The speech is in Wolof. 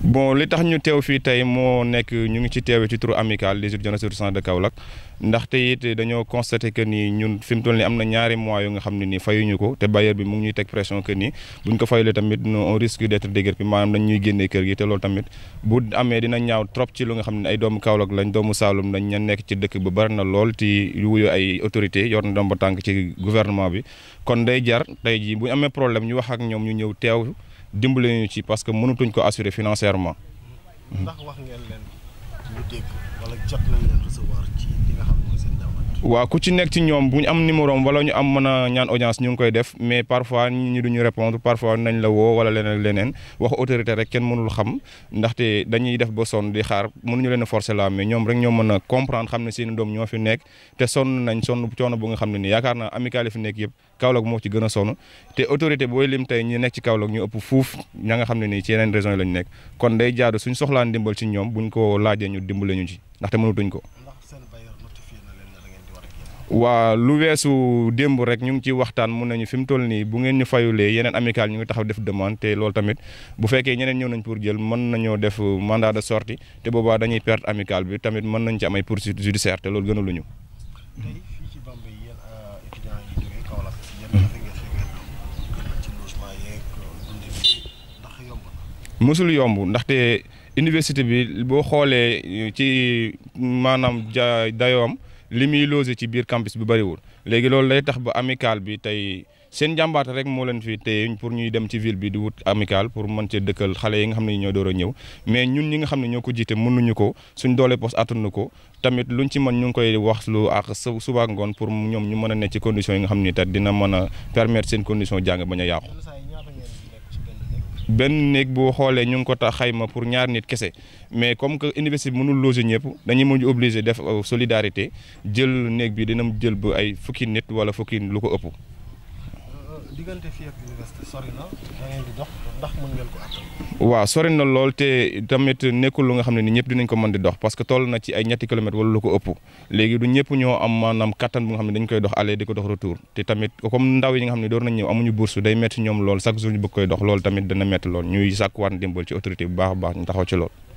bon li tax ñu teew fii tey moo nekk ñu ngi ci teewee ci turu amicale des étudiants ressortissants de Kaolack ndaxte it dañoo constaté que ni ñun fi mu toll ni am na ñaari mois yu nga xam ne nii fayuñu ko te bailleur bi mu ngi ñuy teg pression que nii buñ ko fayulee tamit on risque d' être déguerpi maanaam dañ ñuy génnee kër gi te loolu tamit bu amee dina ñaaw trop ci lu nga xam ne ay doomu Kaolack lañ doomu Saloum lañ ña nekk ci dëkk ba bari na lool ci wuyu ay autorité yor na doom tànk ci gouvernement bi kon day jar tey ji buñ amee problème ñu wax ak ñoom ñu ñëw teew dimbale ñu ci parce que mënatuñ ko assurer financièrement. ndax wax ngeen leen. ñu dégg ku ci nekk ci ñoom bu ñu am numéro am ñu am mën a ñaan audience ñu ngi koy def mais parfois nit ñi duñu répondre parfois nañ la woo wala leneen leneen wax autorité rek kenn mënul xam ndaxte dañuy def ba sonn di xaar ñu leen a forcer la mais ñoom rek ñoo mën a comprendre xam ne seen doom ñoo fi nekk te sonn nañ sonn coono bu nga xam ne nii yaakaar naa amical yi fi nekk yëpp Kaolack moo ci gën a sonn te autorité booy lim tey ñi nekk ci Kaolack ñu ëpp fuuf ña nga xam ne nii ci yeneen région nekk kon day jaadu suñ soxlaan dimbal ci ñoom buñ ko laajee dimb lañu ci ndaxte mënatuñ ko. waaw lu weesu démb rek ñu ngi ciy waxtaan mun nañu fi mu toll nii bu ngeen ñu fayulee yeneen amical ñu ngi taxaw def demande te loolu tamit bu fekkee ñeneen ñëw nañ pour jël mën nañoo def mandat de sortie te boobaa dañuy perte amical bi tamit mën nañ ci am ay poursuite judiciaire te loolu gënaluñu mësul yomb ndaxte université bi boo xoolee ci maanaam ja dayoom li muy ci biir campus bi bëriwul léegi loolu lay tax ba amical bi tey seen jàmbaata rek moo leen fi téye pour ñuy dem ci ville bi di wut amical pour mën cee dëkkal xale yi nga xam ne ñoo door a ñëw mais ñun ñi nga xam ne ñoo ko jiite mënuñu ko suñ doole pos attanu ko tamit luñ ci mën ñu ngi koy wax lu ak suba ngoon pour ñoom ñu mën a nekk ci condition yi nga xam ni te dina mën a permettre seen condition jàng bañ a yàqu benn néeg boo xoolee ñu ngi ko tax xayma pour ñaar nit kese mais comme que université bi mënul loger ñëpp dañuy mujj obligé def euh, solidarité jël néeg bi dina jël ba ay fukki nit wala fukki lu ko ëpp diggante fii di dox ndax mën ngeen ko attan. waaw sori na lool te tamit nekkul lu nga xam ne ni ñëpp dinañ ko mën di dox parce que toll na ci ay ñetti kilomètres wala lu ko ëpp léegi du ñëpp ñoo am maanaam kattan bu nga xam ne dañ koy dox aller di ko dox retour te tamit comme ndaw nga xam ne door nañ ñëw amuñu bourse day métti ñoom lool chaque jour ñu bëgg koy dox loolu tamit dana métti lool ñuy sàkkuwaat ndimbal ci autorité bu baax a baax ñu taxaw ci lool